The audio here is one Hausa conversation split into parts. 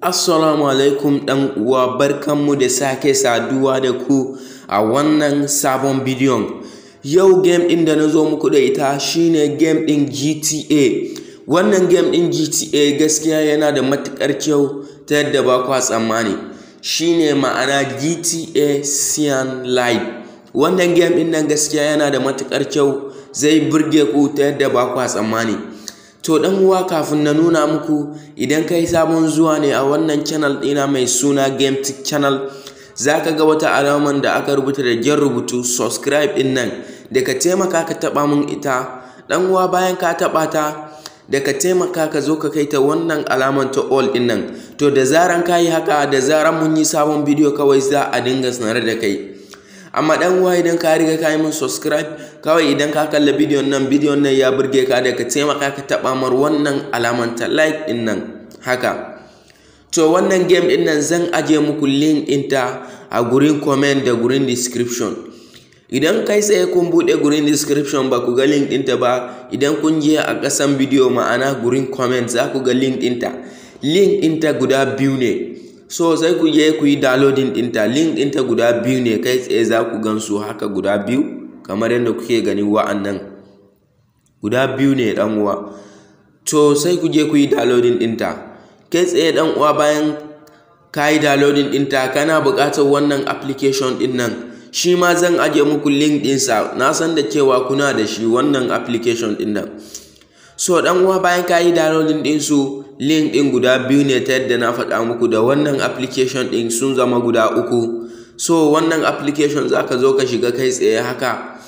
Assalamu alaikum ɗan uwa barkanmu da sake saduwa da ku a wannan sabon bidiyon. Yau game ɗin da na zo muku da ita shine game ɗin GTA. Wannan game ɗin GTA gaskiya yana da matuƙar kyau ta yadda ba kwa tsammani. Shine ma'ana GTA Sian Live. Wannan game ɗin nan gaskiya yana da matuƙar kyau zai burge ku ta yadda ba kwa tsammani. To ɗan uwa kafin na nuna muku idan kai sabon zuwa ne a wannan channel ɗina mai suna Game Channel za ka ga wata alamar da aka rubuta da jan rubutu subscribe ɗin nan da ka taimaka ka taɓa mun ita ɗan uwa bayan ka taɓa ta da ka taimaka ka zo ka kai ta wannan alaman ta all ɗin nan to da zaran ka yi haka da zaran mun yi sabon bidiyo kawai za a dinga sanar da kai. amma dan uwa idan ka riga ka yi min subscribe kawai idan ka kalla bidiyon nan bidiyon nan ya burge ka da ka taimaka ka taba mar wannan alaman ta like din nan haka to wannan game din nan zan aje muku link ta a gurin comment da gurin description idan kai tsaye kun bude gurin description ba ku ga link ɗinta ba idan kun je a kasan bidiyo ma'ana gurin comment za ku ga link ɗinta link ta guda biyu ne so sai ku je ku yi downloading ɗinta link ɗinta guda biyu ne kai tsaye za ku gan su haka guda biyu kamar yadda kuke gani wa'annan guda biyu ne ɗan uwa to sai ku je ku yi downloading ɗinta kai tsaye ɗan uwa bayan ka yi downloading ɗinta kana buƙatar wannan application ɗin nan shi ma zan ajiye muku link ɗinsa na san da cewa kuna da shi wannan application ɗin nan so ɗan uwa bayan ka yi downloading ɗinsu link ɗin guda biyu ne ta yadda na faɗa muku da wannan application ɗin sun zama guda uku so wannan application za ka zo ka shiga kai tsaye haka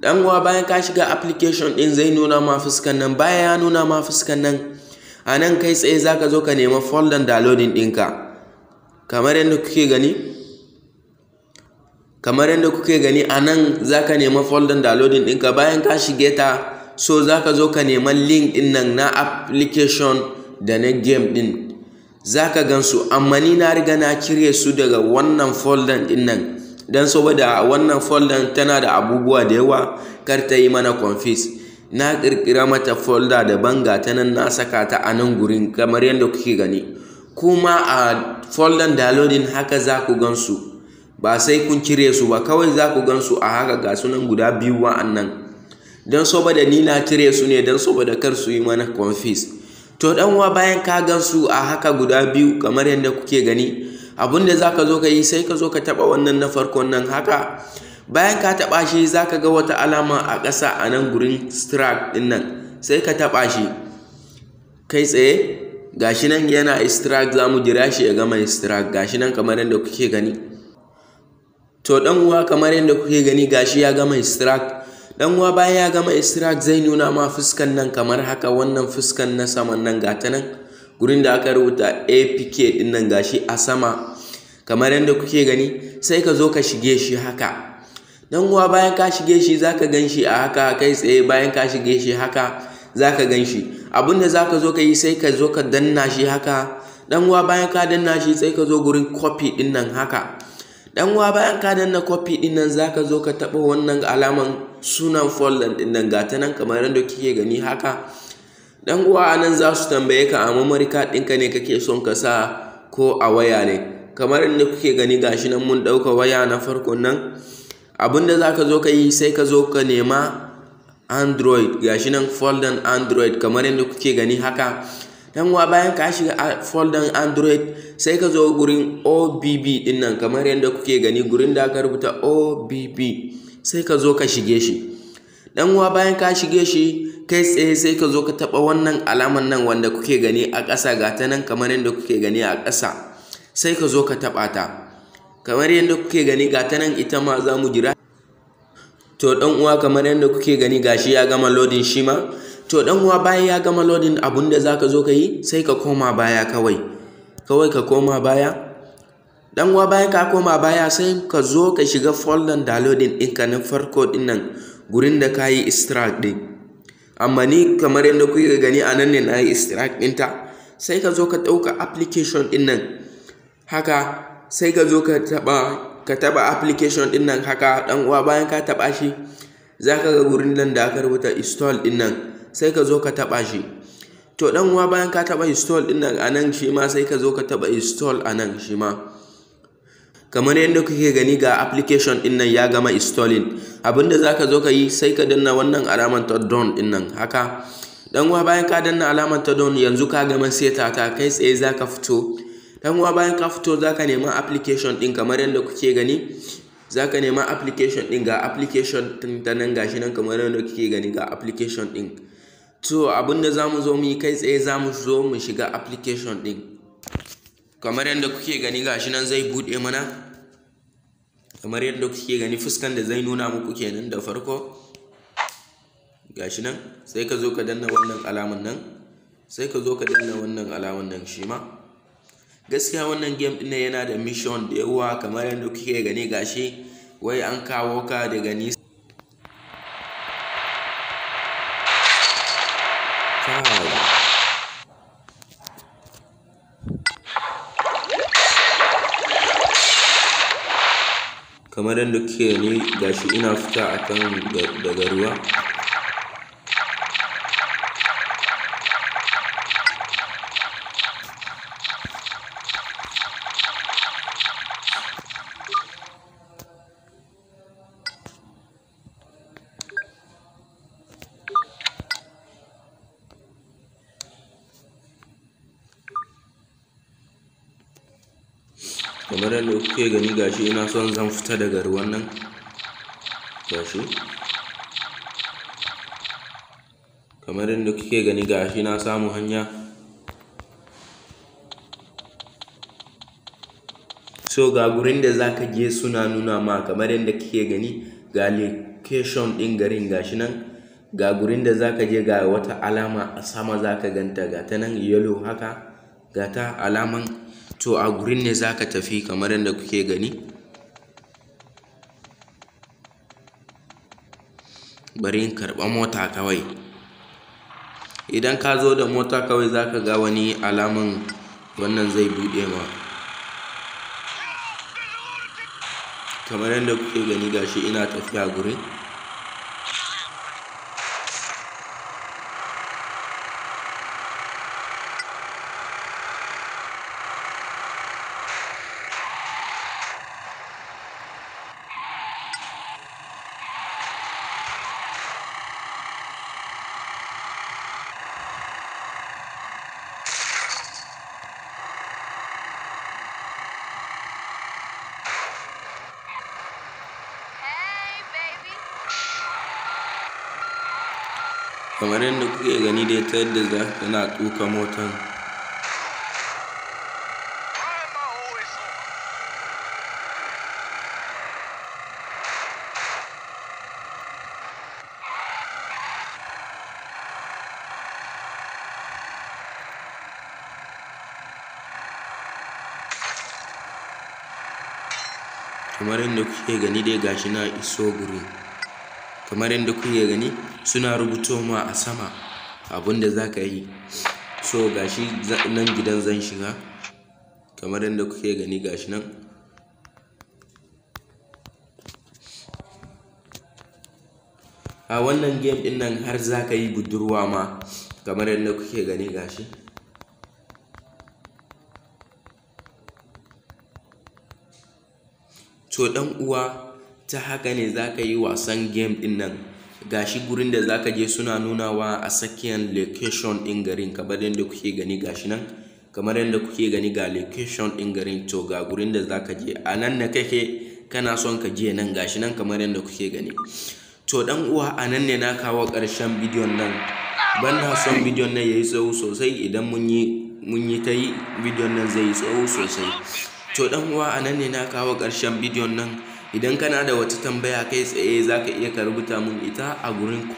dan uwa bayan ka shiga application ɗin zai nuna ma fuskan nan baya ya nuna ma fuskan nan a nan kai tsaye za ka zo ka nema folder downloading ɗinka kamar yadda kuke gani kamar yadda kuke gani a nan za ka nema folder downloading ɗinka bayan ka shige ta so za ka zo ka nema link ɗin nan na application da na game ɗin za ka gansu amma ni na riga na cire su daga wannan folder din nan don saboda wannan folder tana da abubuwa da yawa kar ta yi mana confuse na ƙirƙira mata folda da banga ta nan na saka ta a nan gurin kamar yadda kuke gani kuma a folder downloading haka za ku gansu ba sai kun cire su ba kawai za ku gansu a haka ga sunan guda biyu wa'annan don saboda ni na cire su ne don saboda kar su yi mana confuse to dan uwa bayan ka su a haka guda biyu kamar yadda kuke gani abun da zaka zo ka yi sai ka zo ka taba wannan na farko nan haka bayan ka taba shi zaka ga wata alama a ƙasa a nan gurin strap din nan sai ka taba shi kai tsaye gashi nan yana za zamu jira shi ya gama strap gashi nan kamar yadda kuke gani to dan uwa kamar yadda kuke gani gashi ya gama strap dan uwa bayan ya gama istirak zai nuna ma fuskan nan kamar haka wannan fuskan na saman nan gata nan gurin da aka rubuta apk din nan gashi a sama kamar yadda kuke gani sai ka zo ka shige shi haka dan uwa bayan ka shige shi zaka gan shi a haka kai tsaye bayan ka shige shi haka zaka gan shi abinda zaka zo ka yi sai ka zo ka danna shi haka dan uwa bayan ka danna shi sai ka zo gurin copy din nan haka dan uwa bayan ka danna copy din nan zaka zo ka taba wannan alaman sunan folder din nan gata nan kamar yadda kike gani haka dan uwa nan za su tambaye ka a memory card ɗinka ne kake son ka sa ko a waya ne kamar inda kuke gani gashi nan mun ɗauka waya na farkon nan abinda za ka zo ka yi sai ka zo ka nema android gashi nan folder android kamar yadda kuke gani haka dan wa bayan ka shiga folder android sai ka zo gurin obb din nan kamar yadda kuke gani gurin da aka rubuta obb sai ka zo ka shige shi dan wa bayan ka shige shi kai tsaye sai ka zo ka taba wannan alaman nan wanda kuke gani a ƙasa ga ta nan kamar yadda kuke gani a ƙasa sai ka zo ka taba ta kamar yadda kuke gani ga ta nan ita ma za mu jira to dan uwa kamar yadda kuke gani gashi ya gama loading shi ma to dan uwa bayan ya gama loading abun da zaka zo ka yi sai ka koma baya kawai kawai ka koma baya dan uwa bayan ka koma baya sai ka zo ka shiga folder downloading ka na farko din nan gurin da ka yi extract din amma ni kamar yadda kuke gani a nan ne na yi extract ta sai ka zo ka ɗauka application ɗin nan haka sai ka zo ka taba ka taɓa application ɗin nan haka ɗan uwa bayan ka taɓa shi za ka ga gurin nan da aka rubuta install ɗin nan sai ka zo ka taɓa shi to ɗan uwa bayan ka taɓa install ɗin nan a nan shi ma sai ka zo ka taɓa install a nan shi ma kamar yadda kuke gani ga application din nan ya gama installing abinda zaka zo ka yi sai ka danna wannan alamar ta down din nan haka dan uwa bayan ka danna alamar ta down yanzu ka gama seta ta kai tsaye zaka fito dan uwa bayan ka fito zaka nema application din kamar yadda kuke gani zaka nema application din ga application din ta nan gashi nan kamar yadda kuke gani ga application din so abinda za mu zo mu yi kai tsaye za mu zo mu shiga application ɗin kamar yadda kuke gani gashi nan zai buɗe mana kamar yadda kuke gani fuskan da zai nuna muku kenan da farko gashi nan sai ka zo ka danna wannan alamun nan sai ka zo ka danna wannan alamun nan shi ma gaskiya wannan game ɗin yana da mission da yawa kamar yadda kuke gani gashi wai an kawo ka daga nisa kamar yadda kuke gani gashi ina fita akan daga ruwa kamar yadda kuke gani gashi ina son zan fita daga ruwan nan gashi kamar yadda kuke gani gashi na samu hanya so ga gurin da zaka je suna nuna ma kamar yadda kuke gani ga location din garin gashi nan ga gurin da zaka je ga wata alama a sama zaka ganta ga ta nan yellow haka ga ta alaman to a gurin ne za ka tafi kamar yadda kuke gani bari in karɓa mota kawai idan ka zo da mota kawai za ka ga wani alaman wannan zai buɗe ma kamar yadda kuke gani gashi ina tafiya gurin kamar yadda kuke gani dai ta yadda za tana tuka motan kamar yadda kuke gani dai gashi na iso guri kamar yadda kuke gani suna rubuto ma a sama abun da za ka yi so gashi nan gidan zan shiga kamar yadda kuke gani gashi nan a wannan game din nan har za ka yi budurwa ma kamar yadda kuke gani gashi to dan uwa ta haka ne za ka yi wasan game ɗin nan gashi gurin da za ka je suna nunawa a tsakiyar location ɗin garin kamar yadda kuke gani gashi nan kamar yadda kuke gani ga location ɗin garin to ga gurin da za ka je a nan na kake kana son ka je nan gashi nan kamar yadda kuke gani to ɗan uwa a nan ne na kawo ƙarshen bidiyon nan ban na son bidiyon nan ya yi tsawo sosai idan mun yi ta yi bidiyon nan zai yi tsawo sosai to ɗan uwa a nan ne na kawo ƙarshen bidiyon nan idan kana da wata tambaya kai tsaye za ka iya ka rubuta mun ita a gurin